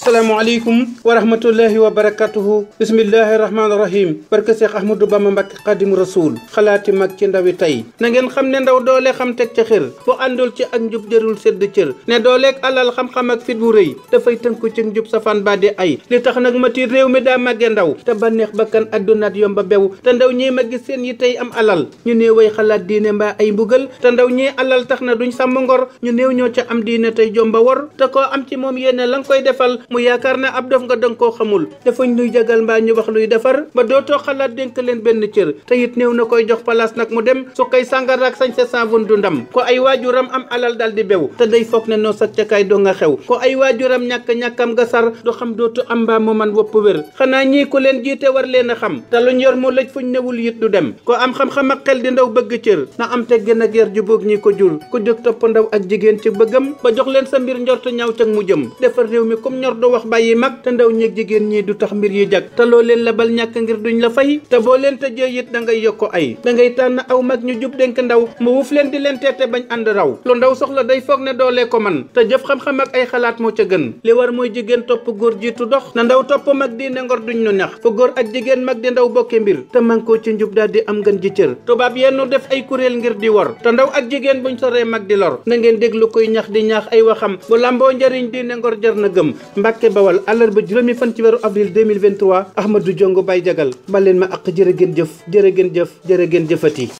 salaamaaleykum wa rahmatullahi wa barakatuhu bismillahi rahmaani rahim barke Seex Ahmadu Bamba Mbàkke xadim rasul xalaati mag ci ndawi tey na ngeen xam ne ndaw doole xam teg ca xër fu àndul ci ak njub jërul sedd cër ne dooleeg alal xam-xam ak fit bu rëy dafay tënku ci njub safaan ba di ay li tax nag ma tiit réew mi daa màgge ndaw te bànneex bakkan addunaat yomba bew te ndaw ñi ma gis seen yi tey am alal ñu néeway xalaat diine mbaa ay mbugal te ndaw ñi alal tax na duñ sàmm ngor ñu néew ñoo ca am diine tey jomba wor te koo am ci moom yéene la nga koy defal mu yaakaar na ab def nga danga koo xamul dafa ñuy jagal mbaa ñu wax luy defar ba dootoo xalaat dénk leen benn cër te it néew na koy jox place nag mu dem su koy sàngar ak sañ sa saavun du ndam ko ay waajuram am alal dal di bew te day foog ne noo sax ca do nga xew ko ay waajuram ñàkk-ñàkkam nga sar du xam dootu am mbaa mu man wopp wér xanaa ñii ko leen jiite war leen a xam te ñor yor mu lëj fuñ newul it du dem ko am xam-xam ak xel di ndaw bëgg cër na am teggin ak yar ju boog ñi ko jur ku jóg topp ndaw ak jigéen ci bëggam ba jox leen sa mbir njortu ñaaw ca mu jëm du wax bàyyi mag te ndaw ñeeg jigéen ñii du tax mbir yi jag te loo leen lebal ñàkk ngir duñ la fay te boo leen tëjee it da ngay yokk ay da ngay tànn aw mag ñu jub dénk ndaw mu wuuf leen di leen teete bañ ànd raw lu ndaw soxla day foog ne doole ko man te jëf xam-xam ak ay xalaat moo ca gën li war mooy jigéen topp góor jiitu dox na ndaw topp mag di ne ngor duñ nu neex fu góor ak jigéen mag di ndaw bokke mbir te man koo ci njub daal di am ngën ji cër tubaab yennu def ay kuréel ngir di wor te ndaw ak jigéen buñ soree mag di lor na ngeen déglu koy ñax di ñaax ay waxam bu lamboo njariñ di ne jar na gëm Mbàkke Bawal àllarba juróomi fan ci weeru avril 2023 Ahmadou Diongo Baye Diagal baleen ma ak jërë ngeen jëf jërë ngeen jëf jërë ngeen jëfati